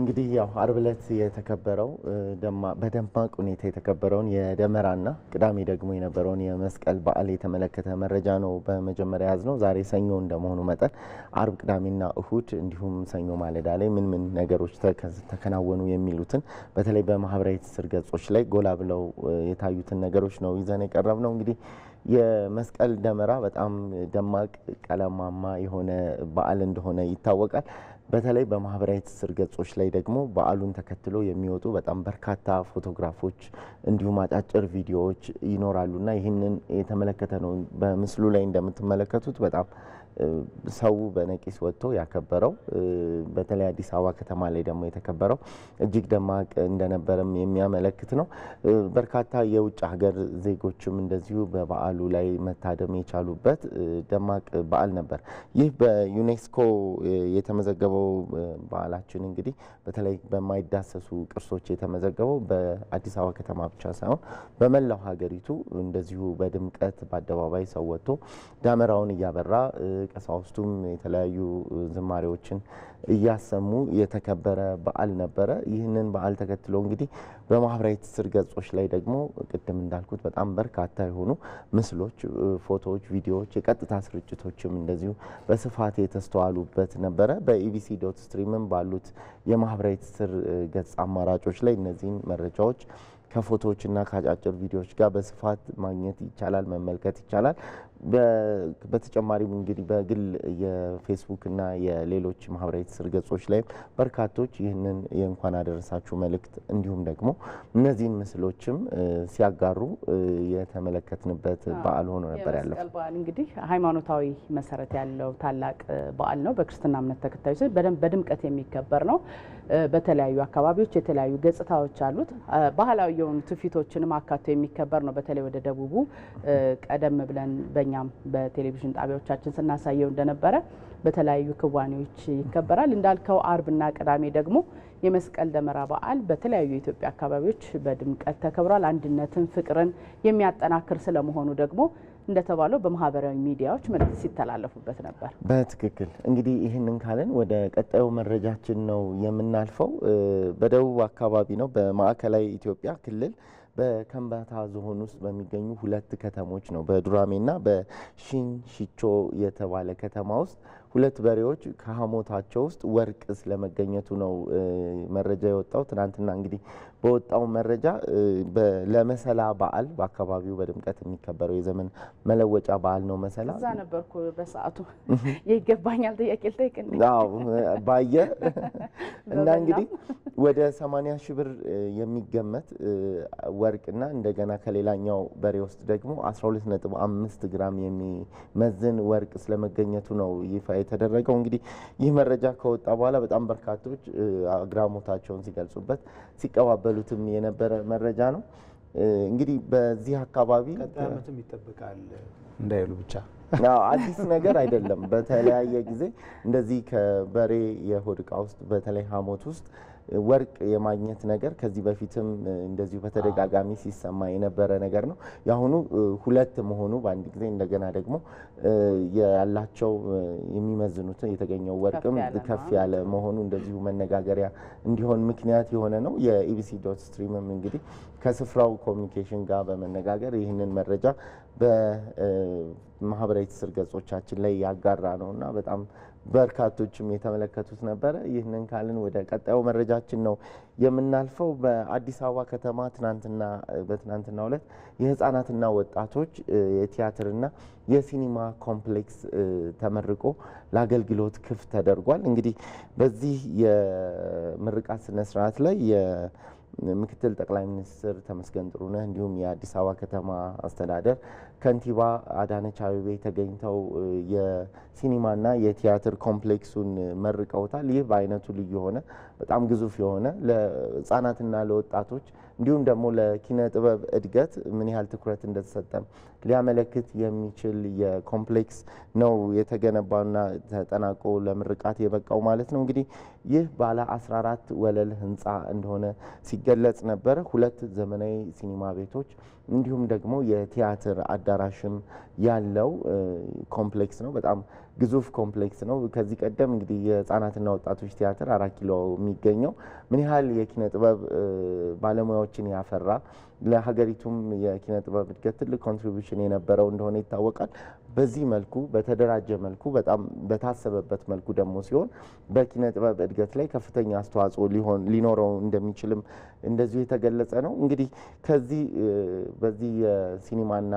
እንግዲህ ያው አርብ ዕለት የተከበረው በደማቅ ሁኔታ የተከበረውን የደመራና ቅዳሜ ደግሞ የነበረውን የመስቀል በዓል የተመለከተ መረጃ ነው በመጀመሪያ ያዝ ነው። ዛሬ ሰኞ እንደመሆኑ መጠን አርብ፣ ቅዳሜና እሁድ እንዲሁም ሰኞ ማለዳ ላይ ምን ምን ነገሮች ተከናወኑ የሚሉትን በተለይ በማህበራዊ ትስስር ገጾች ላይ ጎላ ብለው የታዩትን ነገሮች ነው ይዘን የቀረብ ነው እንግዲህ የመስቀል ደመራ በጣም ደማቅ ቀለማማ የሆነ በዓል እንደሆነ ይታወቃል። በተለይ በማህበራዊ ትስስር ገጾች ላይ ደግሞ በዓሉን ተከትሎ የሚወጡ በጣም በርካታ ፎቶግራፎች እንዲሁም አጫጭር ቪዲዮዎች ይኖራሉና ይህንን የተመለከተ ነው። በምስሉ ላይ እንደምትመለከቱት በጣም ሰው በነቂስ ወጥቶ ያከበረው በተለይ አዲስ አበባ ከተማ ላይ ደግሞ የተከበረው እጅግ ደማቅ እንደነበረም የሚያመለክት ነው። በርካታ የውጭ ሀገር ዜጎችም እንደዚሁ በበዓሉ ላይ መታደም የቻሉበት ደማቅ በዓል ነበር። ይህ በዩኔስኮ የተመዘገበው በዓላችን እንግዲህ በተለይ በማይዳሰሱ ቅርሶች የተመዘገበው በአዲስ አበባ ከተማ ብቻ ሳይሆን በመላው ሀገሪቱ እንደዚሁ በድምቀት በአደባባይ ሰው ወጥቶ ዳመራውን እያበራ ቀሳውስቱም የተለያዩ ዝማሬዎችን እያሰሙ የተከበረ በዓል ነበረ። ይህንን በዓል ተከትሎ እንግዲህ በማህበራዊ ትስስር ገጾች ላይ ደግሞ ቅድም እንዳልኩት በጣም በርካታ የሆኑ ምስሎች፣ ፎቶዎች፣ ቪዲዮዎች፣ የቀጥታ ስርጭቶችም እንደዚሁ በስፋት የተስተዋሉበት ነበረ። በኢቢሲ ዶት ስትሪምም ባሉት የማህበራዊ ትስስር ገጽ አማራጮች ላይ እነዚህን መረጃዎች ከፎቶዎችና ከአጫጭር ቪዲዮዎች ጋር በስፋት ማግኘት ይቻላል፣ መመልከት ይቻላል። በተጨማሪም እንግዲህ በግል የፌስቡክ እና የሌሎች ማህበራዊ ትስስር ገጾች ላይ በርካቶች ይህንን የእንኳን አደረሳችሁ መልእክት እንዲሁም ደግሞ እነዚህን ምስሎችም ሲያጋሩ የተመለከትንበት በዓል ሆኖ ነበር ያለው። እንግዲህ ሃይማኖታዊ መሰረት ያለው ታላቅ በዓል ነው። በክርስትና እምነት ተከታዮች ዘንድ በድምቀት የሚከበር ነው። በተለያዩ አካባቢዎች የተለያዩ ገጽታዎች አሉት። ባህላዊ የሆኑ ትውፊቶችንም አካቶ የሚከበር ነው። በተለይ ወደ ደቡቡ ቀደም ብለን በእኛም በቴሌቪዥን ጣቢያዎቻችን ስናሳየው እንደነበረ በተለያዩ ክዋኔዎች ይከበራል። እንዳልከው አርብና ቅዳሜ ደግሞ የመስቀል ደመራ በዓል በተለያዩ የኢትዮጵያ አካባቢዎች በድምቀት ተከብሯል። አንድነትን፣ ፍቅርን የሚያጠናክር ስለመሆኑ ደግሞ እንደተባለው በማህበራዊ ሚዲያዎች መልዕክት ሲተላለፉበት ነበር። በትክክል እንግዲህ ይህንን ካለን ወደ ቀጣዩ መረጃችን ነው የምናልፈው። በደቡብ አካባቢ ነው በማዕከላዊ ኢትዮጵያ ክልል በከምባታ ዞን ውስጥ በሚገኙ ሁለት ከተሞች ነው በዱራሜና በሽንሽቾ የተባለ ከተማ ውስጥ ሁለት በሬዎች ከሀሞታቸው ውስጥ ወርቅ ስለመገኘቱ ነው መረጃ የወጣው። ትናንትና እንግዲህ በወጣው መረጃ ለመሰላ በዓል በአካባቢው በድምቀት የሚከበረው የዘመን መለወጫ በዓል ነው። መሰላ እዛ ነበርኩ በሰዓቱ ይገባኛል ጥያቄ ልጠይቅ ባየ እና እንግዲህ ወደ 80 ሺህ ብር የሚገመት ወርቅና እንደገና ከሌላኛው በሬ ውስጥ ደግሞ 12.5 ግራም የሚመዝን ወርቅ ስለመገኘቱ ነው ይፋ የተደረገው። እንግዲህ ይህ መረጃ ከወጣ በኋላ በጣም በርካቶች አግራሞታቸውን ሲገልጹበት ሲቀባበሉትም የነበረ መረጃ ነው። እንግዲህ በዚህ አካባቢ ቀጣይነትም ይጠበቃል እንዳይሉ ብቻ አዲስ ነገር አይደለም። በተለያየ ጊዜ እንደዚህ ከበሬ የሆድ ዕቃ ውስጥ በተለይ ሐሞት ውስጥ ወርቅ የማግኘት ነገር ከዚህ በፊትም እንደዚሁ በተደጋጋሚ ሲሰማ የነበረ ነገር ነው። የአሁኑ ሁለት መሆኑ በአንድ ጊዜ እንደገና ደግሞ ያላቸው የሚመዝኑትን የተገኘው ወርቅም ከፍ ያለ መሆኑ እንደዚሁ መነጋገሪያ እንዲሆን ምክንያት የሆነ ነው። የኢቢሲ ዶት ስትሪምም እንግዲህ ከስፍራው ኮሚኒኬሽን ጋር በመነጋገር ይህንን መረጃ ማህበራዊ ትስስር ገጾቻችን ላይ ያጋራ ነው እና በጣም በርካቶችም የተመለከቱት ነበረ። ይህንን ካልን ወደ ቀጣዩ መረጃችን ነው የምናልፈው። በአዲስ አበባ ከተማ ትናንትና በትናንትናው ዕለት የህፃናትና ወጣቶች የቲያትርና የሲኒማ ኮምፕሌክስ ተመርቆ ለአገልግሎት ክፍት ተደርጓል። እንግዲህ በዚህ የምርቃት ስነስርዓት ላይ ምክትል ጠቅላይ ሚኒስትር ተመስገን ጥሩነህ እንዲሁም የአዲስ አበባ ከተማ አስተዳደር ከንቲባ አዳነች አቤቤ ተገኝተው የሲኒማና የቲያትር ኮምፕሌክሱን መርቀውታል። ይህ በአይነቱ ልዩ የሆነ በጣም ግዙፍ የሆነ ለህጻናትና ለወጣቶች እንዲሁም ደግሞ ለኪነ ጥበብ እድገት ምን ያህል ትኩረት እንደተሰጠም ሊያመለክት የሚችል የኮምፕሌክስ ነው የተገነባውና ተጠናቆ ለምርቃት የበቃው ማለት ነው። እንግዲህ ይህ ባለ 14 ወለል ህንፃ እንደሆነ ሲገለጽ ነበረ። ሁለት ዘመናዊ ሲኒማ ቤቶች እንዲሁም ደግሞ የቲያትር አዳራሽም ያለው ኮምፕሌክስ ነው። በጣም ግዙፍ ኮምፕሌክስ ነው። ከዚህ ቀደም እንግዲህ የህጻናትና ወጣቶች ቲያትር አራት ኪሎ የሚገኘው ምን ያህል የኪነ ጥበብ ባለሙያዎችን ያፈራ ለሀገሪቱም የኪነ ጥበብ እድገት ትልቅ ኮንትሪቢሽን የነበረው እንደሆነ ይታወቃል። በዚህ መልኩ በተደራጀ መልኩ በጣም በታሰበበት መልኩ ደግሞ ሲሆን በኪነ ጥበብ እድገት ላይ ከፍተኛ አስተዋጽኦ ሊሆን ሊኖረው እንደሚችልም እንደዚሁ የተገለጸ ነው። እንግዲህ ከዚህ በዚህ የሲኒማና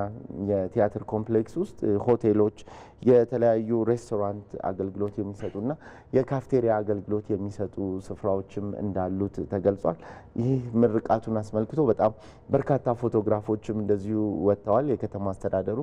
የቲያትር ኮምፕሌክስ ውስጥ ሆቴሎች የተለያዩ ሬስቶራንት አገልግሎት የሚሰጡና የካፍቴሪያ አገልግሎት የሚሰጡ ስፍራዎችም እንዳሉት ተገልጿል። ይህ ምርቃቱን አስመልክቶ በጣም በርካታ ፎቶግራፎችም እንደዚሁ ወጥተዋል። የከተማ አስተዳደሩ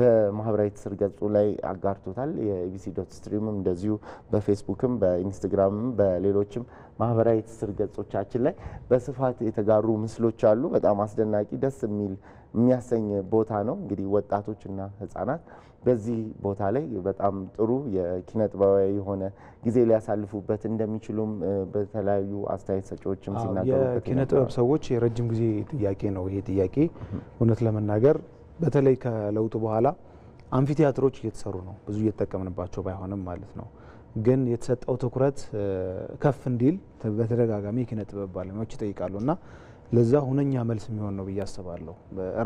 በማህበራዊ ትስስር ገጹ ላይ አጋርቶታል። የኢቢሲ ዶት ስትሪምም እንደዚሁ በፌስቡክም በኢንስትግራምም በሌሎችም ማህበራዊ ትስስር ገጾቻችን ላይ በስፋት የተጋሩ ምስሎች አሉ። በጣም አስደናቂ ደስ የሚል የሚያሰኝ ቦታ ነው። እንግዲህ ወጣቶችና ህጻናት በዚህ ቦታ ላይ በጣም ጥሩ የኪነ ጥበባዊ የሆነ ጊዜ ሊያሳልፉበት እንደሚችሉም በተለያዩ አስተያየት ሰጪዎችም ሲናገሩ የኪነ ጥበብ ሰዎች የረጅም ጊዜ ጥያቄ ነው ይሄ ጥያቄ። እውነት ለመናገር በተለይ ከለውጡ በኋላ አምፊቲያትሮች እየተሰሩ ነው፣ ብዙ እየተጠቀምንባቸው ባይሆንም ማለት ነው። ግን የተሰጠው ትኩረት ከፍ እንዲል በተደጋጋሚ የኪነ ጥበብ ባለሙያዎች ይጠይቃሉ እና ለዛ ሁነኛ መልስ የሚሆን ነው ብዬ አስባለሁ።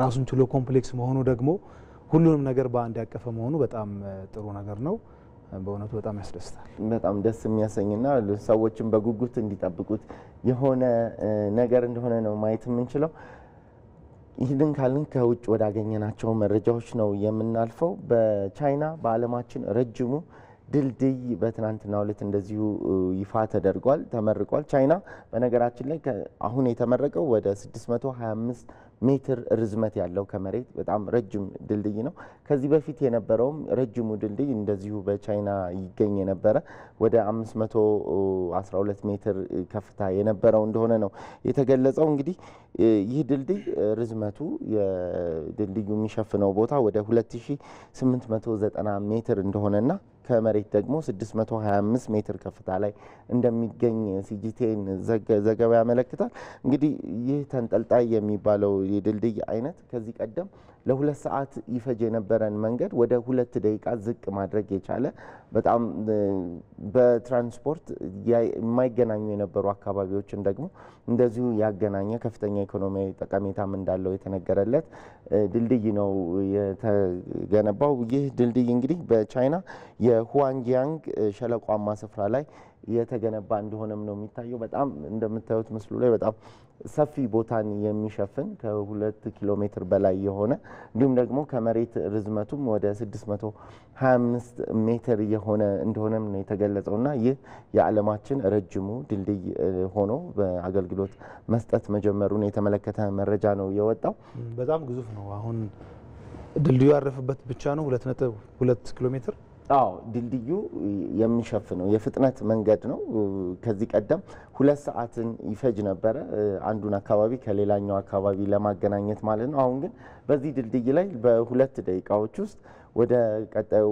ራሱን ችሎ ኮምፕሌክስ መሆኑ ደግሞ ሁሉንም ነገር በአንድ ያቀፈ መሆኑ በጣም ጥሩ ነገር ነው። በእውነቱ በጣም ያስደስታል። በጣም ደስ የሚያሰኝና ሰዎችን በጉጉት እንዲጠብቁት የሆነ ነገር እንደሆነ ነው ማየት የምንችለው። ይህንን ካልን ከውጭ ወዳገኘናቸው መረጃዎች ነው የምናልፈው። በቻይና በዓለማችን ረጅሙ ድልድይ በትናንትናው ዕለት እንደዚሁ ይፋ ተደርጓል፣ ተመርቋል። ቻይና በነገራችን ላይ አሁን የተመረቀው ወደ 625 ሜትር ርዝመት ያለው ከመሬት በጣም ረጅም ድልድይ ነው። ከዚህ በፊት የነበረውም ረጅሙ ድልድይ እንደዚሁ በቻይና ይገኝ የነበረ ወደ 512 ሜትር ከፍታ የነበረው እንደሆነ ነው የተገለጸው። እንግዲህ ይህ ድልድይ ርዝመቱ የድልድዩ የሚሸፍነው ቦታ ወደ 2890 ሜትር እንደሆነና ከመሬት ደግሞ 625 ሜትር ከፍታ ላይ እንደሚገኝ ሲጂቴን ዘገባ ያመለክታል። እንግዲህ ይህ ተንጠልጣይ የሚባለው የድልድይ አይነት ከዚህ ቀደም ለሁለት ሰዓት ይፈጅ የነበረን መንገድ ወደ ሁለት ደቂቃ ዝቅ ማድረግ የቻለ በጣም በትራንስፖርት የማይገናኙ የነበሩ አካባቢዎችን ደግሞ እንደዚሁ ያገናኘ ከፍተኛ ኢኮኖሚያዊ ጠቀሜታም እንዳለው የተነገረለት ድልድይ ነው የተገነባው። ይህ ድልድይ እንግዲህ በቻይና የሁዋንጊያንግ ሸለቋማ ስፍራ ላይ የተገነባ እንደሆነም ነው የሚታየው። በጣም እንደምታዩት ምስሉ ላይ በጣም ሰፊ ቦታን የሚሸፍን ከሁለት ኪሎ ሜትር በላይ የሆነ እንዲሁም ደግሞ ከመሬት ርዝመቱም ወደ 625 ሜትር የሆነ እንደሆነም ነው የተገለጸው እና ይህ የዓለማችን ረጅሙ ድልድይ ሆኖ በአገልግሎት መስጠት መጀመሩን የተመለከተ መረጃ ነው የወጣው። በጣም ግዙፍ ነው። አሁን ድልድዩ ያረፈበት ብቻ ነው 2.2 ኪሎ ሜትር አዎ ድልድዩ የሚሸፍነው የፍጥነት መንገድ ነው። ከዚህ ቀደም ሁለት ሰዓትን ይፈጅ ነበረ አንዱን አካባቢ ከሌላኛው አካባቢ ለማገናኘት ማለት ነው። አሁን ግን በዚህ ድልድይ ላይ በሁለት ደቂቃዎች ውስጥ ወደ ቀጣዩ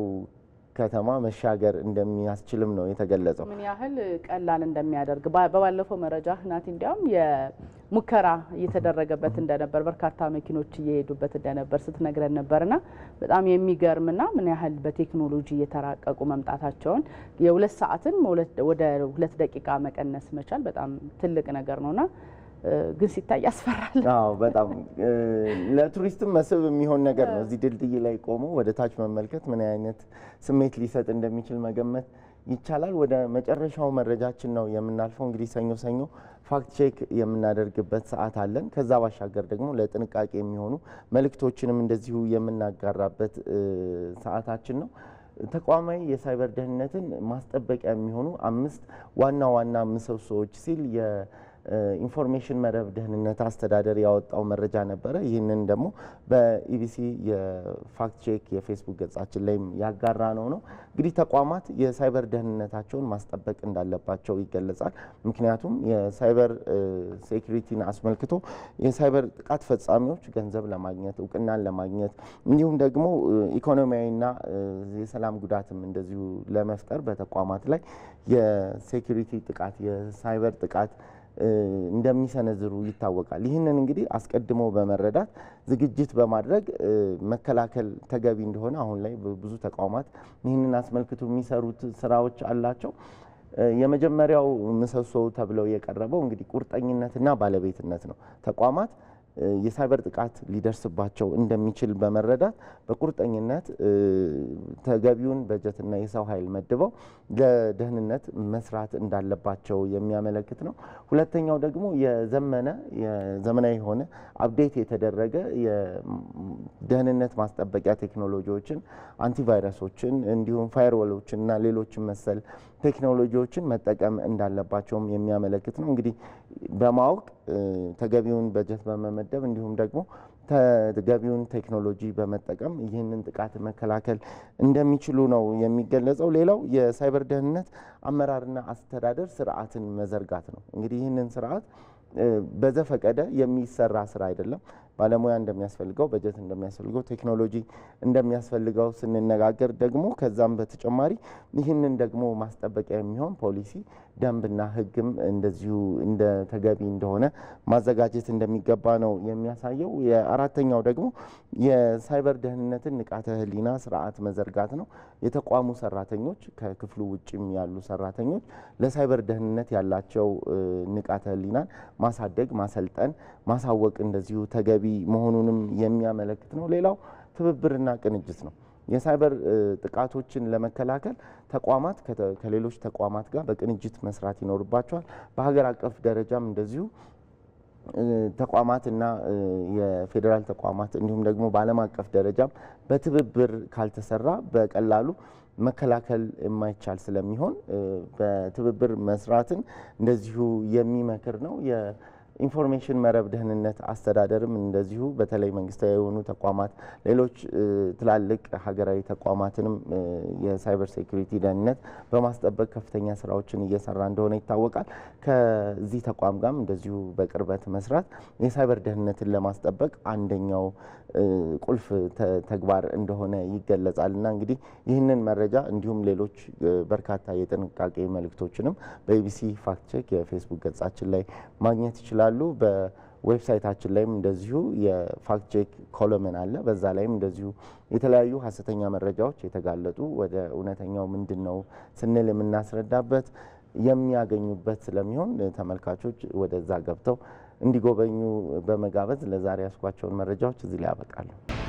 ከተማ መሻገር እንደሚያስችልም ነው የተገለጸው። ምን ያህል ቀላል እንደሚያደርግ በባለፈው መረጃ ህናት እንዲያውም የሙከራ እየተደረገበት እንደነበር በርካታ መኪኖች እየሄዱበት እንደነበር ስትነግረን ነበርና በጣም የሚገርምና ምን ያህል በቴክኖሎጂ እየተራቀቁ መምጣታቸውን የሁለት ሰዓትን ወደ ሁለት ደቂቃ መቀነስ መቻል በጣም ትልቅ ነገር ነውና ግን ሲታይ ያስፈራል። አዎ በጣም ለቱሪስትም መስህብ የሚሆን ነገር ነው። እዚህ ድልድይ ላይ ቆሞ ወደ ታች መመልከት ምን አይነት ስሜት ሊሰጥ እንደሚችል መገመት ይቻላል። ወደ መጨረሻው መረጃችን ነው የምናልፈው። እንግዲህ ሰኞ ሰኞ ፋክት ቼክ የምናደርግበት ሰዓት አለን። ከዛ ባሻገር ደግሞ ለጥንቃቄ የሚሆኑ መልእክቶችንም እንደዚሁ የምናጋራበት ሰዓታችን ነው። ተቋማዊ የሳይበር ደህንነትን ማስጠበቂያ የሚሆኑ አምስት ዋና ዋና ምሰሶዎች ሲል ኢንፎርሜሽን መረብ ደህንነት አስተዳደር ያወጣው መረጃ ነበረ። ይህንን ደግሞ በኢቢሲ የፋክት ቼክ የፌስቡክ ገጻችን ላይም ያጋራ ነው ነው እንግዲህ ተቋማት የሳይበር ደህንነታቸውን ማስጠበቅ እንዳለባቸው ይገለጻል። ምክንያቱም የሳይበር ሴኩሪቲን አስመልክቶ የሳይበር ጥቃት ፈጻሚዎች ገንዘብ ለማግኘት እውቅናን ለማግኘት እንዲሁም ደግሞ ኢኮኖሚያዊና የሰላም ጉዳትም እንደዚሁ ለመፍጠር በተቋማት ላይ የሴኩሪቲ ጥቃት የሳይበር ጥቃት እንደሚሰነዝሩ ይታወቃል። ይህንን እንግዲህ አስቀድሞ በመረዳት ዝግጅት በማድረግ መከላከል ተገቢ እንደሆነ አሁን ላይ ብዙ ተቋማት ይህንን አስመልክቶ የሚሰሩት ስራዎች አላቸው። የመጀመሪያው ምሰሶ ተብለው የቀረበው እንግዲህ ቁርጠኝነትና ባለቤትነት ነው። ተቋማት የሳይበር ጥቃት ሊደርስባቸው እንደሚችል በመረዳት በቁርጠኝነት ተገቢውን በጀትና የሰው ኃይል መድበው ለደህንነት መስራት እንዳለባቸው የሚያመለክት ነው። ሁለተኛው ደግሞ የዘመነ የዘመናዊ የሆነ አፕዴት የተደረገ የደህንነት ማስጠበቂያ ቴክኖሎጂዎችን፣ አንቲቫይረሶችን፣ እንዲሁም ፋይርወሎችን እና ሌሎችን መሰል ቴክኖሎጂዎችን መጠቀም እንዳለባቸውም የሚያመለክት ነው። እንግዲህ በማወቅ ተገቢውን በጀት በመመደብ እንዲሁም ደግሞ ተገቢውን ቴክኖሎጂ በመጠቀም ይህንን ጥቃት መከላከል እንደሚችሉ ነው የሚገለጸው። ሌላው የሳይበር ደህንነት አመራርና አስተዳደር ስርዓትን መዘርጋት ነው። እንግዲህ ይህንን ስርዓት በዘፈቀደ የሚሰራ ስራ አይደለም። ባለሙያ እንደሚያስፈልገው፣ በጀት እንደሚያስፈልገው፣ ቴክኖሎጂ እንደሚያስፈልገው ስንነጋገር ደግሞ ከዛም በተጨማሪ ይህንን ደግሞ ማስጠበቂያ የሚሆን ፖሊሲ ደንብና ሕግም እንደዚሁ እንደ ተገቢ እንደሆነ ማዘጋጀት እንደሚገባ ነው የሚያሳየው። የአራተኛው ደግሞ የሳይበር ደህንነትን ንቃተ ሕሊና ስርዓት መዘርጋት ነው። የተቋሙ ሰራተኞች ከክፍሉ ውጭም ያሉ ሰራተኞች ለሳይበር ደህንነት ያላቸው ንቃተ ሕሊናን ማሳደግ፣ ማሰልጠን፣ ማሳወቅ እንደዚሁ ተገቢ መሆኑንም የሚያመለክት ነው። ሌላው ትብብርና ቅንጅት ነው። የሳይበር ጥቃቶችን ለመከላከል ተቋማት ከሌሎች ተቋማት ጋር በቅንጅት መስራት ይኖርባቸዋል። በሀገር አቀፍ ደረጃም እንደዚሁ ተቋማትና የፌዴራል ተቋማት እንዲሁም ደግሞ በዓለም አቀፍ ደረጃም በትብብር ካልተሰራ በቀላሉ መከላከል የማይቻል ስለሚሆን በትብብር መስራትን እንደዚሁ የሚመክር ነው። ኢንፎርሜሽን መረብ ደህንነት አስተዳደርም እንደዚሁ በተለይ መንግስታዊ የሆኑ ተቋማት፣ ሌሎች ትላልቅ ሀገራዊ ተቋማትንም የሳይበር ሴኩሪቲ ደህንነት በማስጠበቅ ከፍተኛ ስራዎችን እየሰራ እንደሆነ ይታወቃል። ከዚህ ተቋም ጋርም እንደዚሁ በቅርበት መስራት የሳይበር ደህንነትን ለማስጠበቅ አንደኛው ቁልፍ ተግባር እንደሆነ ይገለጻል እና እንግዲህ ይህንን መረጃ እንዲሁም ሌሎች በርካታ የጥንቃቄ መልእክቶችንም በኢቢሲ ፋክት ቼክ የፌስቡክ ገጻችን ላይ ማግኘት ይችላል። ይችላሉ። በዌብሳይታችን ላይም እንደዚሁ የፋክት ቼክ ኮሎምን አለ። በዛ ላይም እንደዚሁ የተለያዩ ሀሰተኛ መረጃዎች የተጋለጡ ወደ እውነተኛው ምንድን ነው ስንል የምናስረዳበት የሚያገኙበት ስለሚሆን ተመልካቾች ወደዛ ገብተው እንዲጎበኙ በመጋበዝ ለዛሬ ያስኳቸውን መረጃዎች እዚህ ላይ ያበቃሉ።